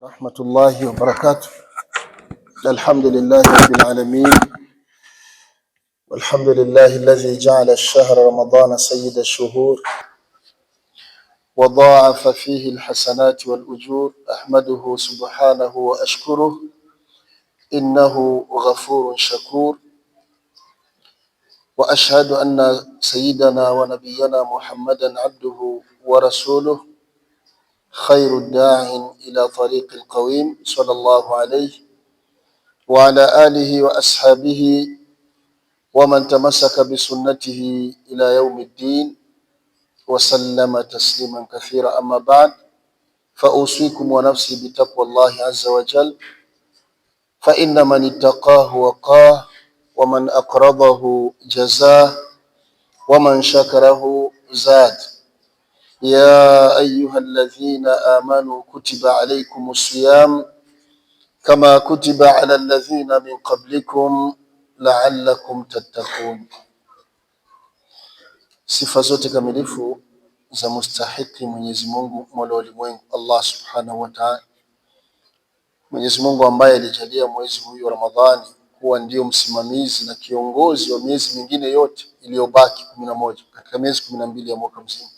ورحمة الله وبركاته الحمد لله رب العالمين والحمد لله الذي جعل الشهر رمضان سيد الشهور وضاعف فيه الحسنات والأجور أحمده سبحانه وأشكره إنه غفور شكور واشهد ان سيدنا ونبينا محمدا عبده ورسوله خير الداع إلى طريق القويم صلى الله عليه وعلى آله وأصحابه ومن تمسك بسنته إلى يوم الدين وسلم تسليما كثيرا أما بعد فأوصيكم ونفسي بتقوى الله عز وجل فإن من اتقاه وقاه ومن أقرضه جزاه ومن شكره زاد يا أيها الذين آمنوا كتب عليكم الصيام كما كتب على الذين من قبلكم لعلكم تتقون Sifa zote kamilifu za mustahiki Mwenyezi Mungu mola wa ulimwengu Allah subhanahu wa ta'ala. Mwenyezi Mungu ambaye alijalia mwezi huyu wa Ramadhani kuwa ndio msimamizi na kiongozi wa miezi mingine yote iliyobaki kumi na moja katika miezi kumi na mbili ya mwaka mzima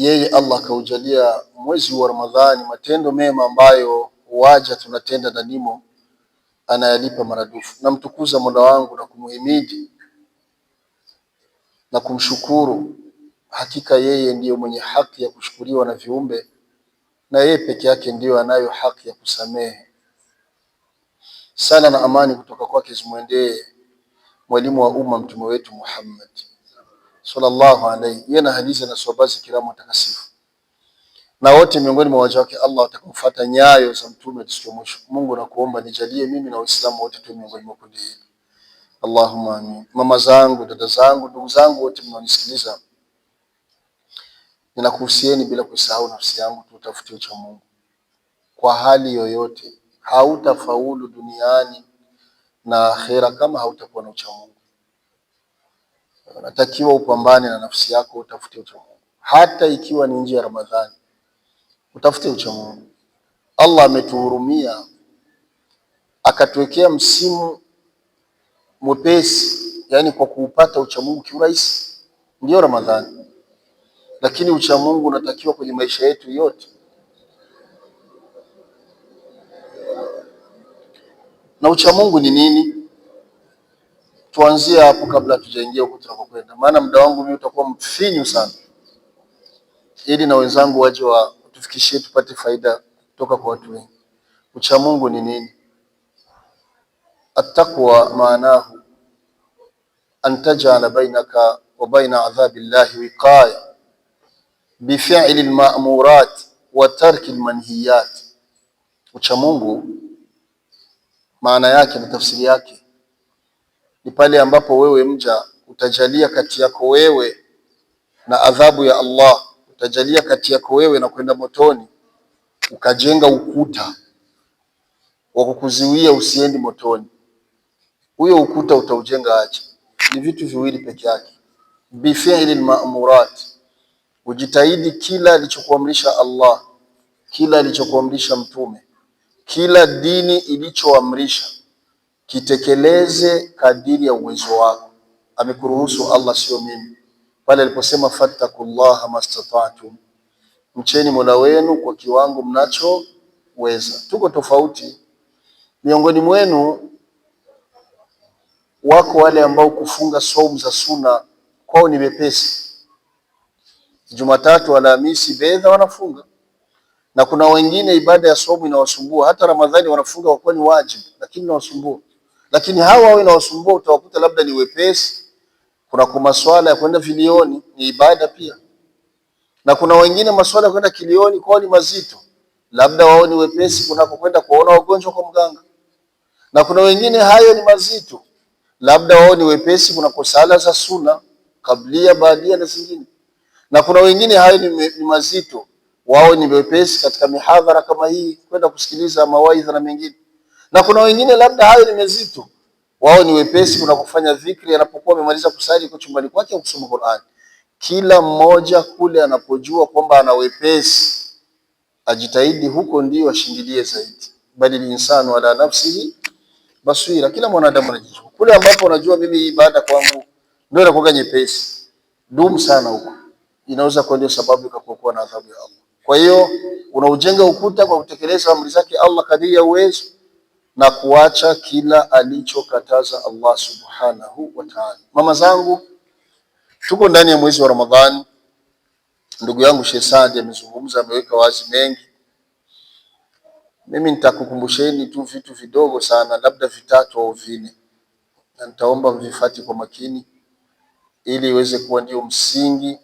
yeye Allah akaujalia mwezi wa Ramadhani matendo mema ambayo waja tunatenda nimo anayalipa maradufu. Namtukuza Mola wangu na kumuhimidi na kumshukuru, hakika yeye ndiyo mwenye haki ya kushukuriwa na viumbe, na yeye peke yake ndiyo anayo haki ya kusamehe. Sala na amani kutoka kwake zimwendee mwalimu wa umma, mtume wetu Muhammad sallallahu alayhi, yeye na hadithi na sahaba zikiramu watakasifu na wote miongoni mwa waja wake Allah watakaofuata nyayo za mtume siku mwisho. Mungu nakuomba nijalie mimi na Waislamu wote tu miongoni mwa kundi hili. Allahumma amin. Mama zangu, dada zangu, ndugu zangu wote mnanisikiliza, ninakuhusieni bila kusahau nafsi yangu, tutafutie cha Mungu kwa hali yoyote. Hautafaulu duniani na akhera kama hautakuwa na ucha Mungu. Unatakiwa upambane na nafsi yako, utafute ucha Mungu hata ikiwa ni nje ya Ramadhani, utafute ucha Mungu. Allah ametuhurumia akatuwekea msimu mwepesi, yani kwa kuupata ucha Mungu kiurahisi, ndio Ramadhani. Lakini ucha Mungu unatakiwa kwenye maisha yetu yote, na ucha Mungu ni nini? tuanzie hapo kabla tujaingia huko tunakokwenda, maana muda wangu mimi utakuwa mfinyu sana, ili na wenzangu waje wa tufikishie tupate faida kutoka kwa watu wengi. Ucha Mungu ni nini? Attaqwa maanahu antajala bainaka wa baina adhabi llahi wiqaya bifili lmamurat wa tarki lmanhiyat. Ucha Mungu maana yake na tafsiri yake ni pale ambapo wewe mja utajalia kati yako wewe na adhabu ya Allah, utajalia kati yako wewe na kwenda motoni, ukajenga ukuta wa kukuzuia usiendi motoni. Huyo ukuta utaujenga aje? Ni vitu viwili peke yake, bifili lmamurat, ujitahidi kila alichokuamrisha Allah, kila alichokuamrisha Mtume, kila dini ilichoamrisha kitekeleze kadiri ya uwezo wako. Amekuruhusu Allah, sio mimi, pale aliposema fattakullaha mastata'tum, mcheni Mola wenu kwa kiwango mnachoweza. Tuko tofauti miongoni mwenu, wako wale ambao kufunga saumu za suna kwao ni mepesi, Jumatatu, Alhamisi, bedha wanafunga na kuna wengine ibada ya somu inawasumbua. Hata Ramadhani wanafunga kwa kuwa ni wajibu, lakini inawasumbua. Lakini hawa wao inawasumbua, utawakuta labda ni wepesi. Kuna kwa masuala ya kwenda vilioni ni ibada pia, na kuna wengine masuala ya kwenda kilioni kwao ni mazito, labda wao ni wepesi kwenda kuona wagonjwa kwa mganga, na kuna wengine hayo ni mazito, labda wao ni wepesi kunako sala za suna kablia, baadia na zingine, na kuna wengine hayo ni, ni mazito, wao ni wepesi katika mihadhara kama hii kwenda kusikiliza mawaidha na mengine na kuna wengine labda hayo ni mazito, wao ni wepesi. Kuna kufanya dhikri anapokuwa amemaliza kusali kwa chumbani kwake kusoma Qur'an. Kila mmoja kule anapojua kwamba ana wepesi ajitahidi huko, ndio ashindilie zaidi. Bali linsanu ala nafsihi basira, kila mwanadamu anajua kule ambapo unajua mimi ibada kwangu ndio inakuwa nyepesi, dumu sana huko, inaweza kuwa ndio sababu ikakuwa na adhabu ya Allah. Kwa hiyo unaujenga ukuta kwa kutekeleza amri zake Allah kadiri ya uwezo na kuacha kila alichokataza Allah subhanahu wa ta'ala. Mama zangu, tuko ndani ya mwezi wa Ramadhani. Ndugu yangu Sheikh Saad amezungumza, ameweka wazi mengi. Mimi nitakukumbusheni tu vitu vidogo sana, labda vitatu au vine, na nitaomba mvifati kwa makini, ili iweze kuwa ndio msingi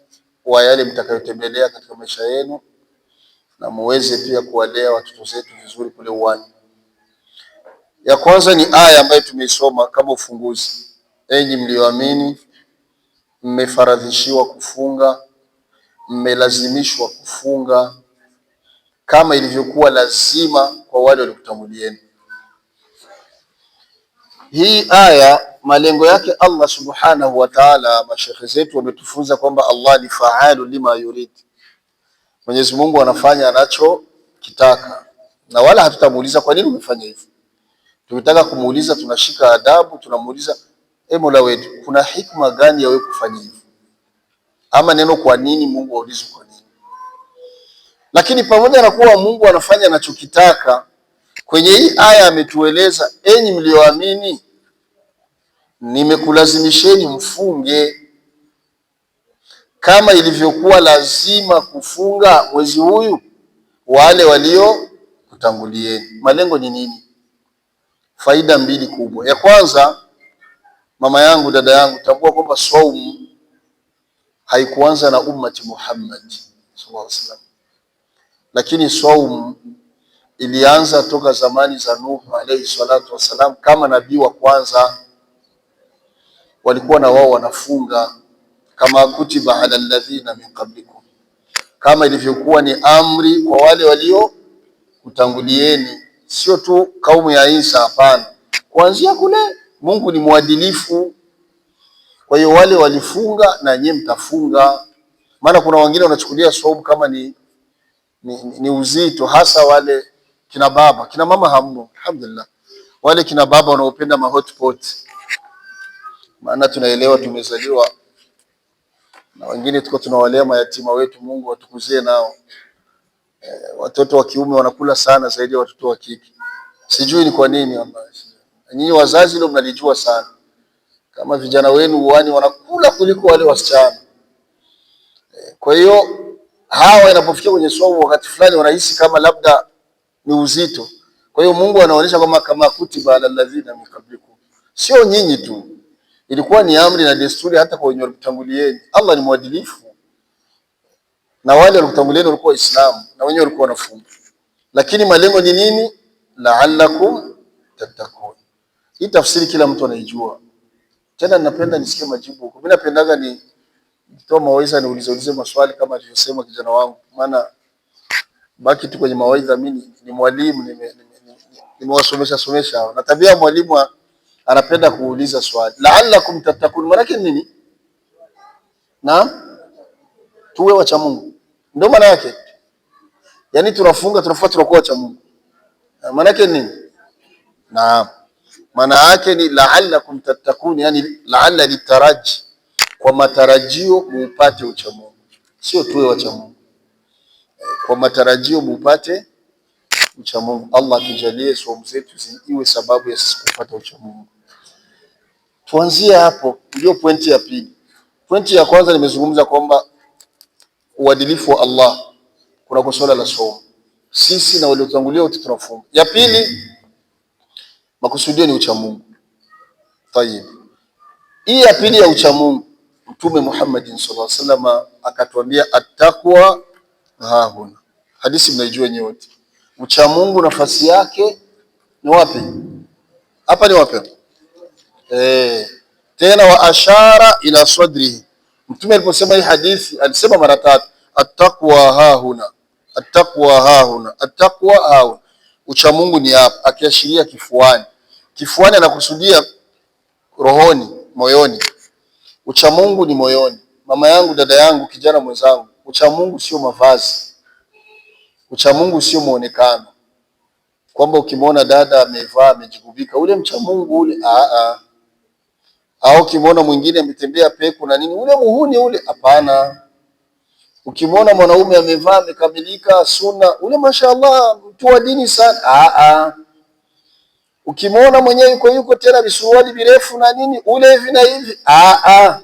wa yale mtakayotembelea katika maisha yenu, na muweze pia kuwalea watoto zetu vizuri kule uwani. Ya kwanza ni aya ambayo tumeisoma kama ufunguzi: enyi mlioamini, mmefaradhishiwa kufunga, mmelazimishwa kufunga kama ilivyokuwa lazima kwa wale waliokutangulieni. Hii aya malengo yake Allah subhanahu wa ta'ala, mashekhe zetu wametufunza kwamba Allah ni faalu lima yurid, Mwenyezi Mungu anafanya anachokitaka, na wala hatutamuuliza kwa nini umefanya hivyo tumetaka kumuuliza tunashika adabu, tunamuuliza e, Mola wetu, kuna hikma gani ya wewe kufanya hivyo? Ama neno kwa nini Mungu aulize kwa nini? Lakini pamoja na kuwa Mungu anafanya anachokitaka, kwenye hii aya ametueleza, enyi mlioamini, nimekulazimisheni mfunge kama ilivyokuwa lazima kufunga mwezi huyu wale waliokutangulieni. Malengo ni nini? faida mbili kubwa. Ya kwanza, mama yangu, dada yangu, tambua kwamba swaumu haikuanza na ummati Muhammad sallallahu alaihi wasallam, lakini swaumu ilianza toka zamani za Nuhu alaihi salatu wassalam. Kama nabii wa kwanza walikuwa na wao wanafunga, kama kutiba ala alladhina min qablikum, kama ilivyokuwa ni amri kwa wale walio kutangulieni sio tu kaumu ya Isa, hapana. Kuanzia kule Mungu ni mwadilifu. Kwa hiyo wale walifunga na nyinyi mtafunga, maana kuna wengine wanachukulia saumu kama ni, ni, ni uzito, hasa wale kina baba kina mama hamno, alhamdulillah. Wale kina baba wanaopenda ma hotpot, maana tunaelewa tumezaliwa na wengine tuko tunawalea mayatima wetu, Mungu watukuzie nao eh, watoto wa kiume wanakula sana zaidi ya watoto wa kike. Sijui ni kwa nini ambayo nyinyi wazazi ndio mnalijua sana, kama vijana wenu uani wanakula kuliko wale wasichana. Eh, kwa hiyo hawa inapofikia kwenye somo, wakati fulani wanahisi kama labda ni uzito. Kwa hiyo Mungu anaonyesha kwamba kama kutiba ala alladhina min qablikum, sio nyinyi tu, ilikuwa ni amri na desturi hata kwa wenye walitangulieni. Allah ni mwadilifu na wale walikutangulieni walikuwa Waislamu na wenyewe walikuwa wanafunga, lakini malengo ni nini? La'allakum tattaqun. Hii tafsiri kila mtu anaijua. Tena napenda nisikie majibu huko. Mimi napendaga ni nitoa mawaidha ni ulizo maswali kama alivyosema kijana wangu, maana baki tu kwenye mawaidha. Mimi ni mwalimu, nimewasomesha nime, nime nime somesha na tabia ya mwalimu anapenda kuuliza swali. La'allakum tattaqun maana yake nini? Naam tuwe wacha Mungu, ndio maana yake. Yaani tunafunga tunafuata tunakuwa wacha Mungu. Ah, maana yake nini? Naam, maana yake ni la'allakum tattakun, yani la'alla litaraji, kwa matarajio muupate ucha Mungu, sio tuwe wacha Mungu, kwa matarajio muupate ucha Mungu. Allah kijalie somo zetu iwe sababu ya sisi kupata ucha Mungu. Tuanzie hapo, ndio pointi ya pili. Pointi ya kwanza nimezungumza kwamba uadilifu wa Allah kunako swala la saumu. Sisi na waliotangulia wote tunafunga. Ya pili, makusudio ni uchamungu. Tayib, hii ya pili ya uchamungu, Mtume Muhammad sallallahu alaihi wasallam akatuambia attaqwa hahuna. Hadisi mnaijua nyote. Uchamungu nafasi yake ni wapi? Hapa ni wapi? Eh, tena wa ashara ila sadrihi Mtume aliposema hii hadithi alisema mara tatu, attaqwa hahuna, attaqwa hahuna, attaqwa hahuna, ucha Mungu ni hapa, akiashiria kifuani. Kifuani anakusudia rohoni, moyoni. Ucha Mungu ni moyoni. Mama yangu, dada yangu, kijana mwenzangu, ucha Mungu sio mavazi, ucha Mungu sio muonekano, kwamba ukimwona dada amevaa amejigubika, ule mcha Mungu ule, a a au ukimwona mwingine ametembea peku na nini, ule muhuni ule, hapana. Ukimwona mwanaume amevaa amekamilika sunna, ule mashaallah, mtu wa dini sana, a a. Ukimwona mwenyewe yuko yuko tena visuruali virefu na nini, ule hivi na hivi, a a,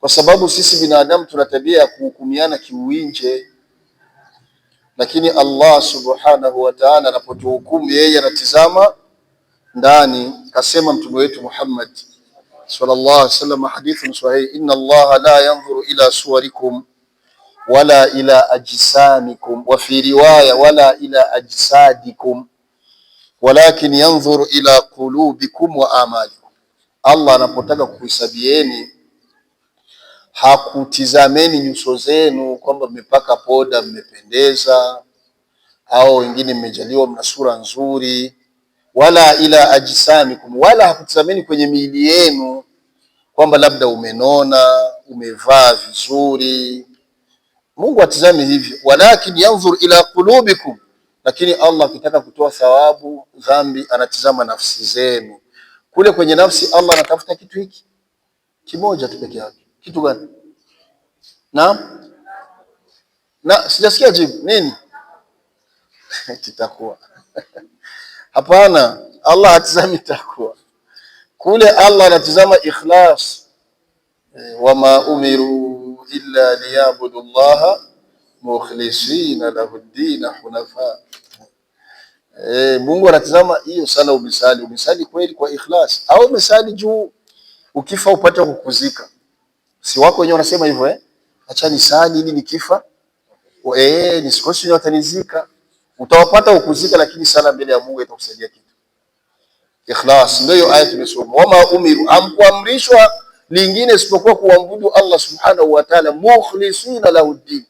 kwa sababu sisi binadamu tuna tabia ya kuhukumiana kiuinje, lakini Allah subhanahu wa ta'ala anapotuhukumu yeye anatizama ndani kasema mtume wetu Muhammad sallallahu alaihi wasallam, hadithun sahihi, inna Allah la yanzuru ila suwarikum wala ila ajsamikum wa fi riwaya wala ila ajsadikum walakin yanzuru ila qulubikum wa amalikum, Allah anapotaka kuhesabieni hakutizameni nyuso zenu kwamba mmepaka poda, mmependeza, au wengine mmejaliwa mna sura nzuri wala ila ajsamikum, wala hakutazameni kwenye miili yenu kwamba labda umenona, umevaa vizuri. Mungu atizami hivyo, walakin yanzur ila qulubikum, lakini Allah akitaka kutoa thawabu dhambi anatizama nafsi zenu. Kule kwenye nafsi Allah anatafuta kitu hiki kimoja tu peke yake. Kitu gani? na na sijasikia jibu nini? titakuwa Hapana, Allah hatizami takwa kule, Allah anatizama ikhlas. Eh, wama umiru illa liyabudu llaha mukhlisina lahu dina hunafa. E, Mungu anatizama hiyo sana umesali, umesali kweli kwa ikhlas au umesali juu ukifa upate kukuzika? Si wako wenyewe wanasema hivyo eh? Acha nisali ili nikifa, eh, nisikose watanizika utawapata ukuzika, lakini sala mbele ya Mungu itakusaidia kitu. Ikhlas ndio aya tumesoma, wama umiru, amkuamrishwa lingine isipokuwa kuabudu Allah subhanahu wa ta'ala, mukhlisina lahu din,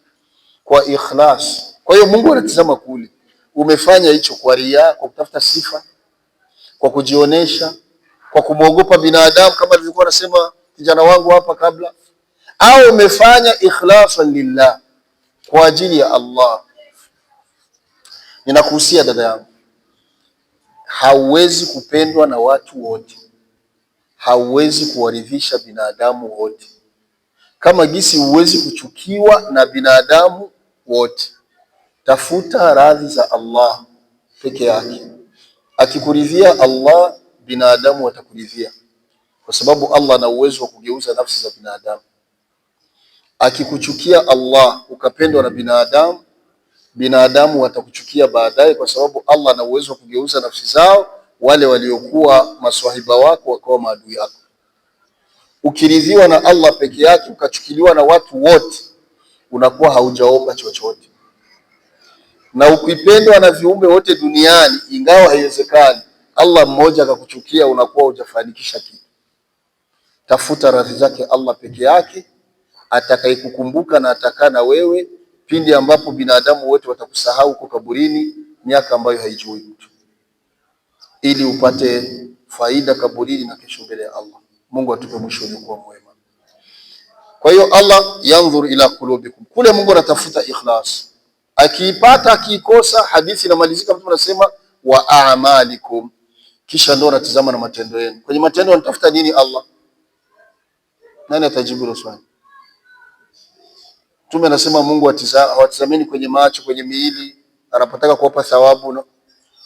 kwa ikhlas. Kwa hiyo Mungu anatazama kule umefanya hicho, kwa ria, kwa kutafuta sifa, kwa kujionesha, kwa kumwogopa binadamu, kama nilivyokuwa nasema kijana wangu hapa kabla, au umefanya ikhlasan lillah, kwa ajili ya Allah Ninakuhusia dada yangu, hauwezi kupendwa na watu wote, hauwezi kuwaridhisha binadamu wote, kama gisi huwezi kuchukiwa na binadamu wote. Tafuta radhi za Allah peke yake. Akikuridhia Allah, binadamu watakuridhia, kwa sababu Allah ana uwezo wa kugeuza nafsi za binadamu. Akikuchukia Allah ukapendwa na binadamu binadamu watakuchukia baadaye, kwa sababu Allah ana uwezo wa kugeuza nafsi zao, wale waliokuwa maswahiba wako wakawa maadui yako. Ukiridhiwa na Allah peke yake ukachukiliwa na watu wote, unakuwa haujaomba chochote. Na ukipendwa na viumbe wote duniani, ingawa haiwezekani, Allah mmoja akakuchukia, unakuwa hujafanikisha kitu. Tafuta radhi zake Allah peke yake, atakayekukumbuka na atakaa na wewe pindi ambapo binadamu wote watakusahau kwa kaburini, miaka ambayo haijui mtu, ili upate faida kaburini na kesho mbele ya Allah. Mungu atupe mwisho uliokuwa mwema. Kwa hiyo Allah yanzur ila kulubikum, kule Mungu anatafuta ikhlas, akiipata akiikosa, hadithi inamalizika, mtu anasema wa a'malikum, kisha ndo anatizama na matendo yenu. Kwenye matendo anatafuta nini Allah? Nani atajibu hilo swali? Mtume anasema Mungu hawatizamini kwenye macho, kwenye miili anapotaka kuwapa thawabu no?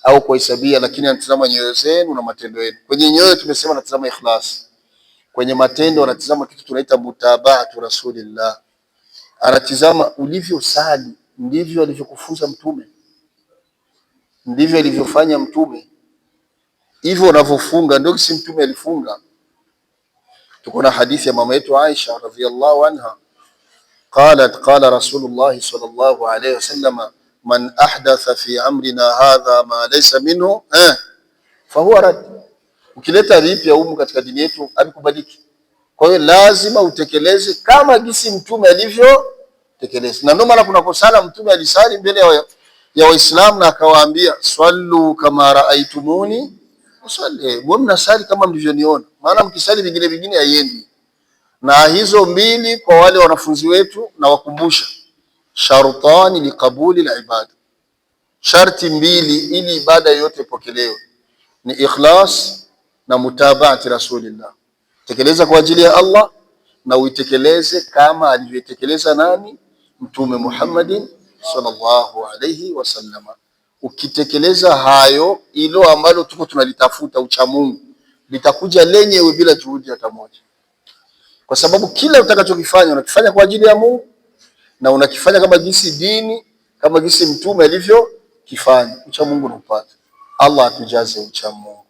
au kuhesabia, lakini anatazama nyoyo zenu na matendo yenu. Kwenye nyoyo tumesema anatazama ikhlas, kwenye matendo anatazama kitu tunaita mutaba'atu rasulillah. Anatizama ulivyosali, ndivyo alivyokufunza Mtume, ndivyo alivyofanya Mtume, hivyo unavyofunga ndio kisi Mtume alifunga. Tuko na hadithi ya mama yetu Aisha radhiallahu anha qalat qala rasulullahi sallallahu alayhi wasallam man ahdatha fi amrina hadha ma laysa minhu eh, fahuwa rad. Ukileta vipya humu katika dini yetu havikubaliki. Kwa hiyo lazima utekeleze kama gisi mtume alivyotekeleza, na ndio maana kuna kusala mtume alisali mbele ya ya Waislamu na akawaambia swallu kama raaitumuni, msali, eh, mnasali kama mlivyoniona. Maana mkisali vingine vingine haiendi na hizo mbili kwa wale wanafunzi wetu, na wakumbusha shartani la ibada sharti mbili ili ibada yote ipokelewe ni ikhlas na mutabaati rasulillah, tekeleza kwa ajili ya Allah na uitekeleze kama alivyotekeleza nani? Mtume Muhammadin sallallahu alayhi wasallam. Ukitekeleza hayo, ilo ambalo tuko tunalitafuta uchamungu litakuja lenyewe bila juhudi hata moja kwa sababu kila utakachokifanya unakifanya kwa ajili ya Mungu na unakifanya kama jinsi dini kama jinsi mtume alivyokifanya. Ucha Mungu naupata. Allah atujaze ucha Mungu.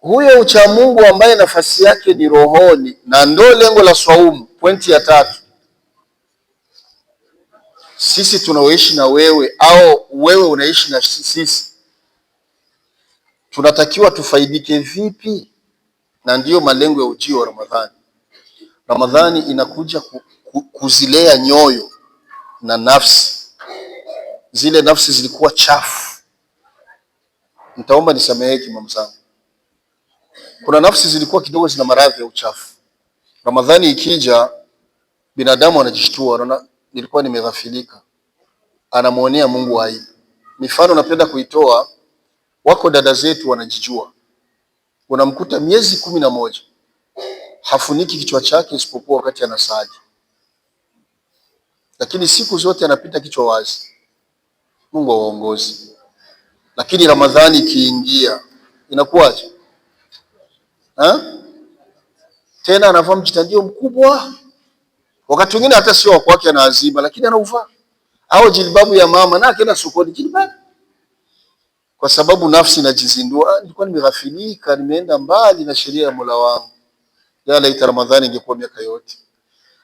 Huyo ucha Mungu ambaye nafasi yake ni rohoni, na ndo lengo la swaumu. Pointi ya tatu, sisi tunaoishi na wewe au wewe unaishi na sisi, tunatakiwa tufaidike vipi na ndiyo malengo ya ujio wa Ramadhani. Ramadhani inakuja ku, ku, kuzilea nyoyo na nafsi, zile nafsi zilikuwa chafu. Nitaomba nisameheki mama zangu, kuna nafsi zilikuwa kidogo zina maradhi ya uchafu. Ramadhani ikija, binadamu anajishtua, anaona nilikuwa nimeghafilika, anamwonea Mungu aibu. Mifano napenda kuitoa, wako dada zetu wanajijua unamkuta miezi kumi na moja hafuniki kichwa chake isipokuwa wakati anasali, lakini siku zote anapita kichwa wazi. Mungu awaongozi. Lakini Ramadhani ikiingia inakuwaje? Tena anavaa mjitandio mkubwa, wakati wengine hata sio wakwake, anaazima lakini anauvaa, au jilbabu ya mama na akaenda sokoni jilbabu kwa sababu nafsi inajizindua, nilikuwa nimeghafilika, nimeenda mbali na sheria ya Mola wangu. Ya laita Ramadhani ingekuwa miaka yote,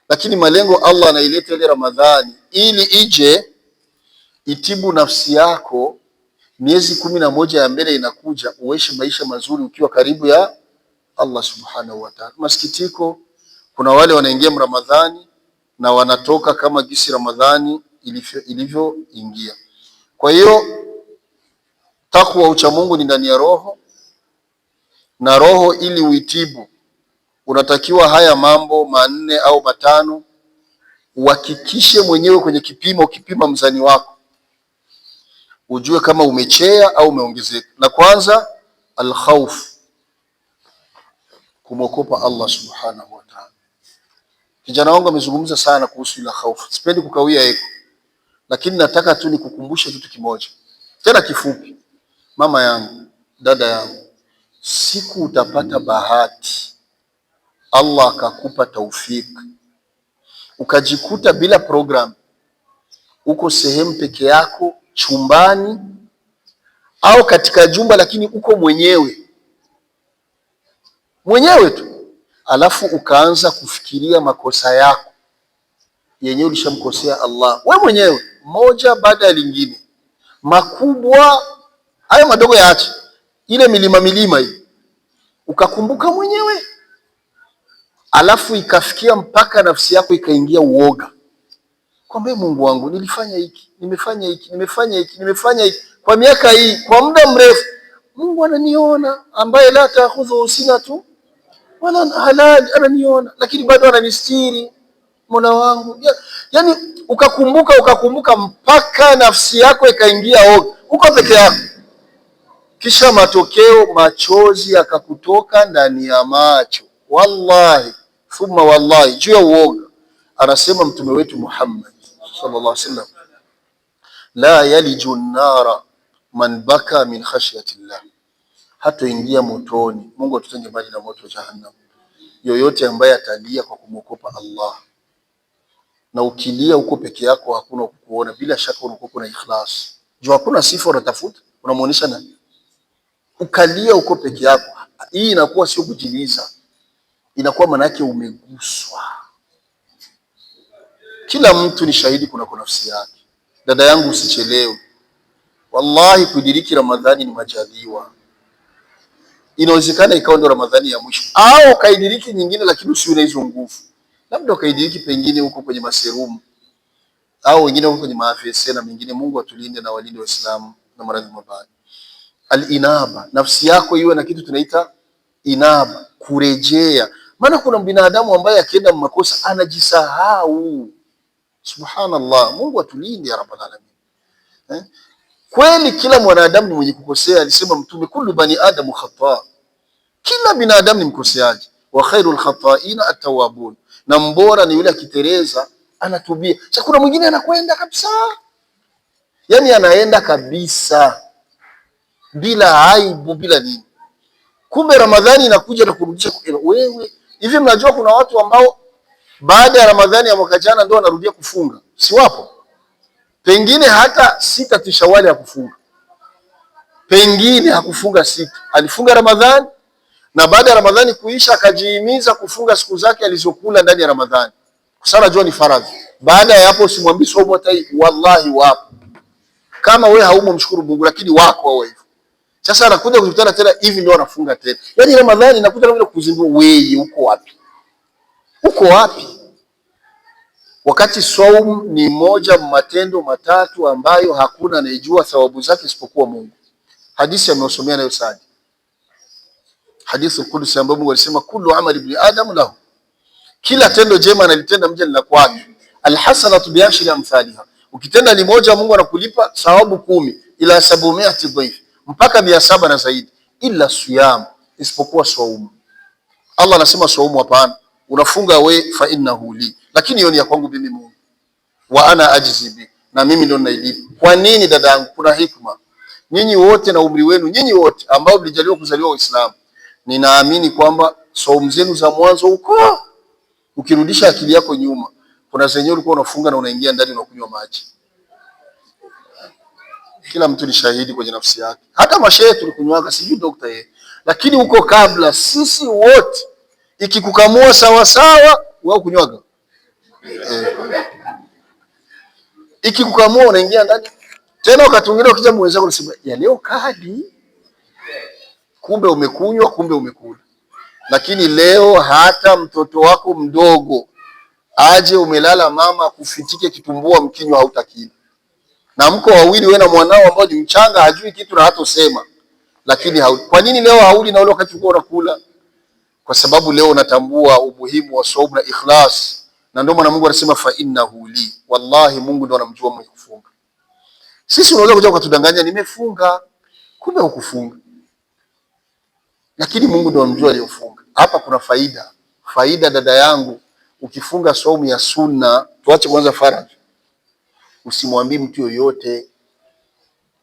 lakini malengo Allah anaileta ile Ramadhani ili ije itibu nafsi yako. Miezi kumi na moja ya mbele inakuja, uishi maisha mazuri ukiwa karibu ya Allah subhanahu wa ta'ala. Masikitiko, kuna wale wanaingia Ramadhani na wanatoka kama gisi Ramadhani ilivyoingia, kwa hiyo Takwa ucha Mungu ni ndani ya roho, na roho ili uitibu unatakiwa haya mambo manne au matano uhakikishe mwenyewe kwenye kipimo, ukipima mzani wako ujue kama umechea au umeongezeka. La kwanza alkhaufu, kumwogopa Allah subhanahu wa ta'ala. Kijana wangu amezungumza sana kuhusu ila khauf, sipendi kukawia yeye, lakini nataka tu nikukumbushe kitu kimoja tena kifupi. Mama yangu, dada yangu, siku utapata bahati, Allah akakupa taufiki, ukajikuta bila program uko sehemu peke yako chumbani au katika jumba, lakini uko mwenyewe mwenyewe tu, alafu ukaanza kufikiria makosa yako yenyewe ulishamkosea Allah, we mwenyewe, moja baada ya lingine, makubwa hayo madogo yaache, ile milima milima hii ukakumbuka mwenyewe, alafu ikafikia mpaka nafsi yako ikaingia uoga kwamba Mungu wangu, nilifanya hiki, nimefanya hiki, nimefanya hiki, nimefanya hiki kwa miaka hii, kwa muda mrefu. Mungu ananiona, ambaye la taakhudhu sinatu wala halali, ananiona lakini bado ananistiri Mola wangu. Yani ukakumbuka ukakumbuka mpaka nafsi yako ikaingia oga, uko peke yako. Kisha matokeo machozi yakakutoka ndani ya macho, wallahi thumma wallahi, juu ya uoga. Anasema mtume wetu Muhammad sallallahu alaihi wasallam, la yaliju nara man baka min khashyati llah, hatoingia motoni, Mungu atutenge mbali na moto jahannam, yoyote ambaye atalia kwa kumwogopa Allah. Na ukilia huko peke yako hakuna kukuona, bila shaka unakuwa na ikhlas, juu hakuna sifa unatafuta unamuonesha nani ukalia uko peke yako, hii inakuwa sio kujiliza, inakuwa manake umeguswa. Kila mtu ni shahidi kunako nafsi yake. Dada yangu, usichelewe. Wallahi, kuidiriki Ramadhani ni majaliwa. Inawezekana ikawa ndio Ramadhani ya mwisho, au ukaidiriki nyingine, lakini usiwe na hizo nguvu, labda ukaidiriki pengine huko kwenye maserumu au wengine huko kwenye maafisa na mengine. Mungu atulinde na walinde Waislamu na maradhi mabaya alinaba, nafsi yako iwe na kitu tunaita inaba, kurejea. Maana kuna binadamu ambaye akienda makosa anajisahau. Subhanallah, Mungu atulinde ya rabbal alamin eh? Kweli kila mwanadamu ni mwenye kukosea, alisema Mtume, kullu bani adamu khata, kila binadamu ni mkoseaji, wa khairu khataina atawabun, na mbora ni yule akitereza anatubia. Sasa kuna mwingine anakwenda kabisa, yani anaenda kabisa bila aibu, bila nini. Kumbe Ramadhani inakuja na kurudisha wewe. Hivi mnajua kuna watu ambao baada ya Ramadhani ya mwaka jana ndio wanarudia kufunga, si wapo? Pengine hata sita tu Shawali kufunga, pengine hakufunga sita, alifunga Ramadhani na baada ya Ramadhani kuisha akajihimiza kufunga siku zake alizokula ndani ya Ramadhani, kwa sababu najua ni faradhi. Baada ya hapo usimwambie somo tai, wallahi wapo. Kama wewe haumo, mshukuru Mungu, lakini wako hao hivyo sasa anakuja kukutana tena hivi ndio anafunga tena. Yaani Ramadhani inakuja na kuzindua wewe uko wapi? Uko wapi? Wakati saumu ni moja matendo matatu ambayo hakuna anayejua thawabu zake isipokuwa Mungu. Hadithi ameosomea nayo Saadi. Hadithi kudusi ambayo Mungu alisema kullu amali ibn adam lahu. Kila tendo jema analitenda mja la kwake. Alhasanatu biashri amthaliha. Ukitenda ni moja Mungu anakulipa thawabu kumi ila sabumiati dhaifi mpaka mia saba na zaidi, ila siyam, isipokuwa saumu. Allah anasema saumu hapana, unafunga we, fa innahu li, lakini hiyo ni ya kwangu mimi Mungu, wa ana ajzibi, na mimi ndio nailipa. Kwa nini dada yangu? Kuna hikma. Nyinyi wote na umri wenu, nyinyi wote ambao mlijaliwa kuzaliwa Uislamu, ninaamini kwamba saumu zenu za mwanzo huko, ukirudisha akili yako nyuma, kuna zenyewe ulikuwa unafunga na unaingia ndani unakunywa maji kila mtu ni shahidi kwenye nafsi yake. Hata mashehe tulikunywaga, sijui dokta yeye, lakini huko kabla sisi wote ikikukamua sawasawa, wao kunywaga eh. Ikikukamua unaingia ndani tena, wakati mwingine ukija mwenzako unasema ya leo kadi, kumbe umekunywa, kumbe umekula. Lakini leo hata mtoto wako mdogo aje umelala, mama kufitike kitumbua, mkinywa hautakila na mko wawili, wewe na mwanao ambao ni mchanga, hajui kitu na hata usema. Lakini hauli. Kwa nini leo hauli na ule wakati ukachukua unakula? Kwa sababu leo unatambua umuhimu wa saumu na ikhlas, na ndio maana Mungu anasema fa innahu li, wallahi Mungu ndo anamjua mwenye kufunga. Sisi unaweza kuja ukatudanganya, nimefunga, kumbe hukufunga, lakini Mungu ndo anamjua aliyofunga. Hapa kuna faida, faida dada yangu, ukifunga saumu ya sunna, tuache kwanza faradhi usimwambii mtu yoyote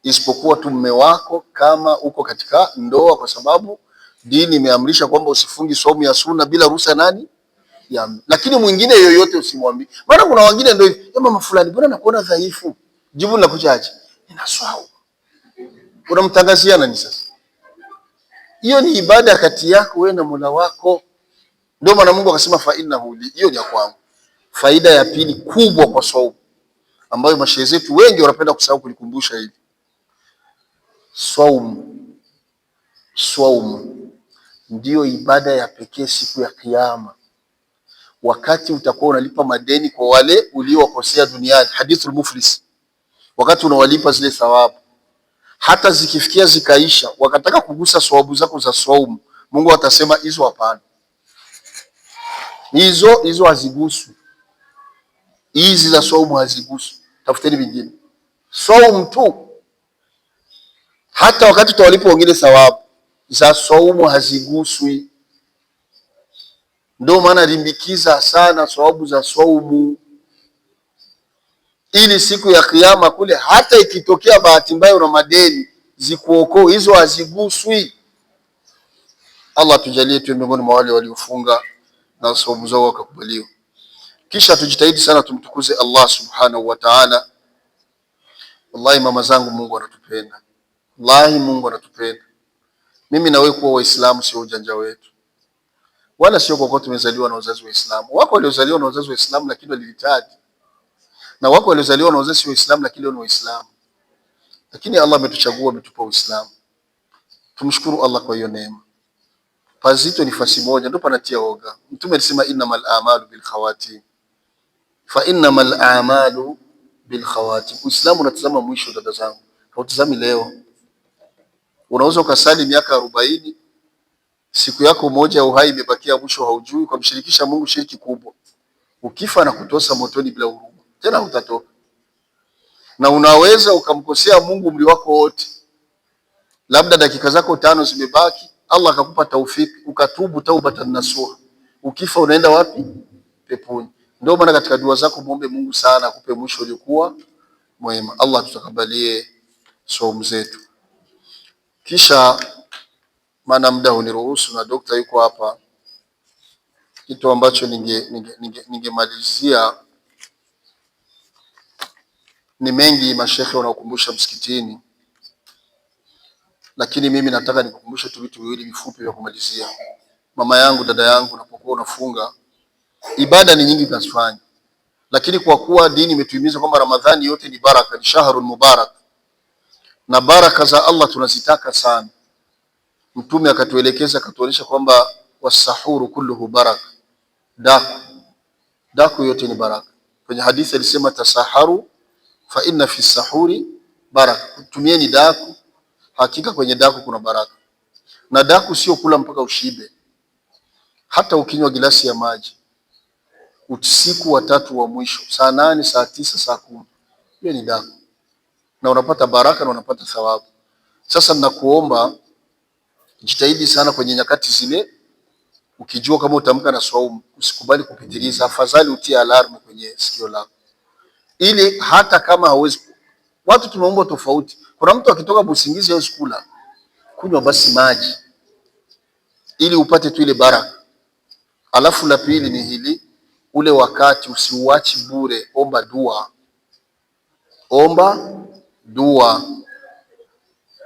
isipokuwa tu mume wako, kama uko katika ndoa, kwa sababu dini imeamrisha kwamba usifungi somu ya suna bila ruhusa nani ya, lakini mwingine yoyote usimwambie. Maana kuna wengine ndio hivi, ya eh, mama fulani, bwana nakuona dhaifu, jibu nakuchache ninaswau, unamtangazia nani sasa? Hiyo ni ibada kati yako wewe na Mola wako. Ndio maana Mungu akasema fa innahu li, hiyo ni ya kwangu. Faida ya pili kubwa kwa swaumu ambayo mashehe zetu wengi wanapenda kusahau kulikumbusha hili. Swaumu, swaumu ndiyo ibada ya pekee siku ya Kiyama, wakati utakuwa unalipa madeni kwa wale uliowakosea duniani, hadithul muflis, wakati unawalipa zile thawabu, hata zikifikia zikaisha, wakataka kugusa sawabu zako za swaumu, Mungu atasema hizo hapana, hizo hizo haziguswi hizi za saumu hazigusu, tafuteni vingine saumu tu. Hata wakati tawalipo wengine thawabu za saumu haziguswi. Ndio maana limbikiza sana sawabu za saumu, ili siku ya Kiyama kule hata ikitokea bahati mbaya una madeni zikuokoe, hizo haziguswi. Allah tujalie tuwe miongoni mwa wale waliofunga na saumu zao wakakubaliwa. Kisha tujitahidi sana tumtukuze Allah subhanahu wa ta'ala. Wallahi mama zangu, Mungu anatupenda, wallahi Mungu anatupenda. Mimi na wewe kuwa Waislamu sio ujanja wetu, wala sio kwa kuwa tumezaliwa na wazazi Waislamu. Wako waliozaliwa na wazazi Waislamu lakini walihitaji, na wako waliozaliwa na wazazi Waislamu lakini ni Waislamu. Lakini Allah ametuchagua ametupa Uislamu, tumshukuru Allah kwa hiyo neema. Pazito ni fasi moja, ndio panatia oga. Mtume alisema innamal a'malu bil khawatim fa al a'malu bil khawatim. Uislamu unatazama mwisho, dada zangu, hautazami leo. Unaweza ukasali miaka arobaini, siku yako moja ya uhai imebakia, mwisho haujui, kwa mshirikisha Mungu shiriki kubwa. Ukifa na kutosa motoni bila huruma, tena utatoka na unaweza ukamkosea Mungu mli wako wote, labda dakika zako tano zimebaki, Allah akakupa taufiki ukatubu taubatan nasuha, ukifa unaenda wapi? Peponi. Ndio maana katika dua zako muombe Mungu sana akupe mwisho uliokuwa mwema. Allah tutakabalie somo zetu. Kisha maana muda huniruhusu na dokta yuko hapa, kitu ambacho ningemalizia ninge, ninge, ninge ni mengi mashekhe wanaokumbusha msikitini, lakini mimi nataka nikukumbushe tu vitu viwili vifupi vya kumalizia. Mama yangu, dada yangu, unapokuwa unafunga ibada ni nyingi tunazifanya, lakini kwa kuwa dini imetuhimiza kwamba Ramadhani yote ni baraka, ni shahrul mubarak, na baraka za Allah tunazitaka sana. Mtume akatuelekeza akatuonyesha kwamba wasahuru kulluhu baraka, daku daku yote ni baraka. Kwenye hadithi alisema tasaharu fa inna fi sahuri baraka, tumieni daku, hakika kwenye daku kuna baraka. Na daku sio kula mpaka ushibe, hata ukinywa gilasi ya maji usiku wa tatu wa mwisho, saa nane, saa tisa, saa kumi. Hiyo ni daku na unapata baraka na unapata thawabu. Sasa nakuomba jitahidi sana kwenye nyakati zile, ukijua kama utamka na swaumu, usikubali kupitiliza. Afadhali utie alarmu kwenye sikio lako, ili hata kama hawezi. Watu tumeumbwa tofauti. Kuna mtu akitoka busingizi hawezi kula, kunywa basi maji, ili upate tu ile baraka. Alafu la pili ni hili ule wakati usiuachi bure. Omba dua, omba dua,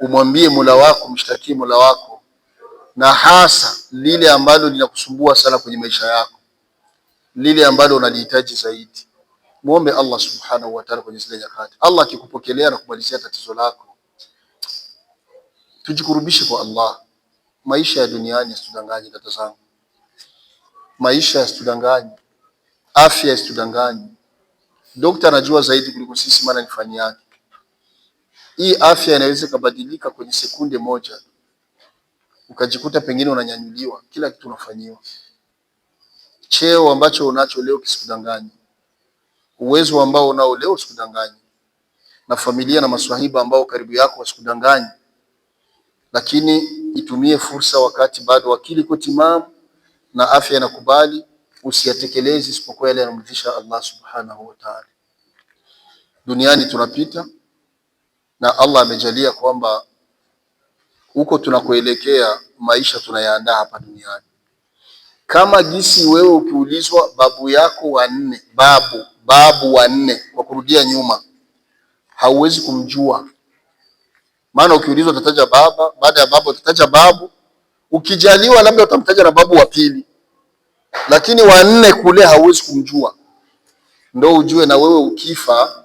umwambie Mola wako, mshtakie Mola wako, na hasa lile ambalo linakusumbua sana kwenye maisha yako, lile ambalo unalihitaji zaidi. Muombe Allah subhanahu wa ta'ala kwenye zile nyakati, Allah akikupokelea na kumalizia tatizo lako. Tujikurubishe kwa Allah. Maisha ya duniani yasitudanganye, dada zangu, maisha yasitudanganye. Afya isitudanganye, dokta anajua zaidi kuliko sisi, maana ni fani yake. Hii afya inaweza ikabadilika kwenye sekunde moja, ukajikuta pengine unanyanyuliwa, kila kitu unafanyiwa. Cheo ambacho unacho leo kisikudanganye, uwezo ambao unao leo usikudanganye, na familia na maswahiba ambao karibu yako wasikudanganye, lakini itumie fursa wakati bado akili iko timamu na afya inakubali usiyatekelezi isipokuwa yale yanamridhisha Allah subhanahu wa ta'ala. Duniani tunapita na Allah amejalia kwamba huko tunakoelekea maisha tunayaandaa hapa duniani, kama jinsi wewe ukiulizwa babu yako wanne, babu babu wanne kwa kurudia nyuma, hauwezi kumjua. Maana ukiulizwa utataja baba, baada ya baba utataja babu, ukijaliwa labda utamtaja na babu wa pili lakini wanne kule hauwezi kumjua. Ndo ujue na wewe ukifa,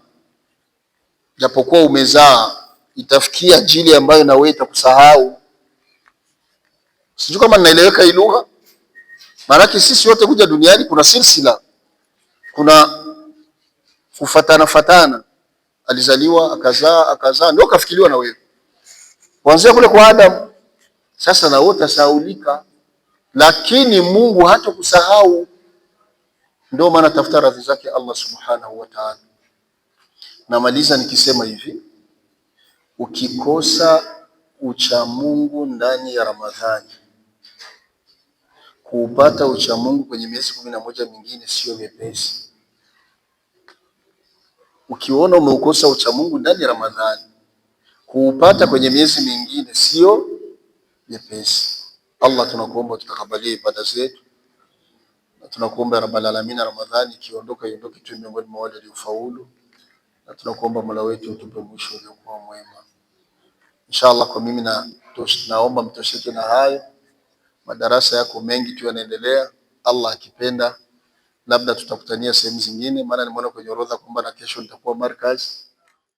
japokuwa umezaa, itafikia jili ambayo na wewe itakusahau. Sijui kama ninaeleweka hii lugha. Maanake sisi wote kuja duniani kuna silsila, kuna kufatana fatana, alizaliwa akazaa akazaa, ndio kafikiliwa na wewe kuanzia kule kwa Adam. Sasa na wote asaulika lakini Mungu kusahau Ndio maana tafuta radhi zake Allah subhanahu wa ta'ala. Namaliza nikisema hivi, ukikosa uchamungu ndani ya Ramadhani, kuupata uchamungu kwenye miezi kumi na moja mingine sio mepesi. Ukiona umeukosa uchamungu ndani ya Ramadhani, kuupata kwenye miezi mingine sio mepesi. Allah, tunakuomba tutakabalie ibada zetu na tunakuomba rabbal alamin, Ramadhani ikiondoka iondoke tu miongoni mwa wale waliofaulu, na tunakuomba Mola wetu utupe mwisho uliokuwa mwema inshallah. Kwa mimi na naomba mtosheke na hayo, madarasa yako mengi tu yanaendelea. Allah akipenda, labda tutakutania sehemu zingine, maana nimeona kwenye orodha kwamba na kesho nitakuwa markazi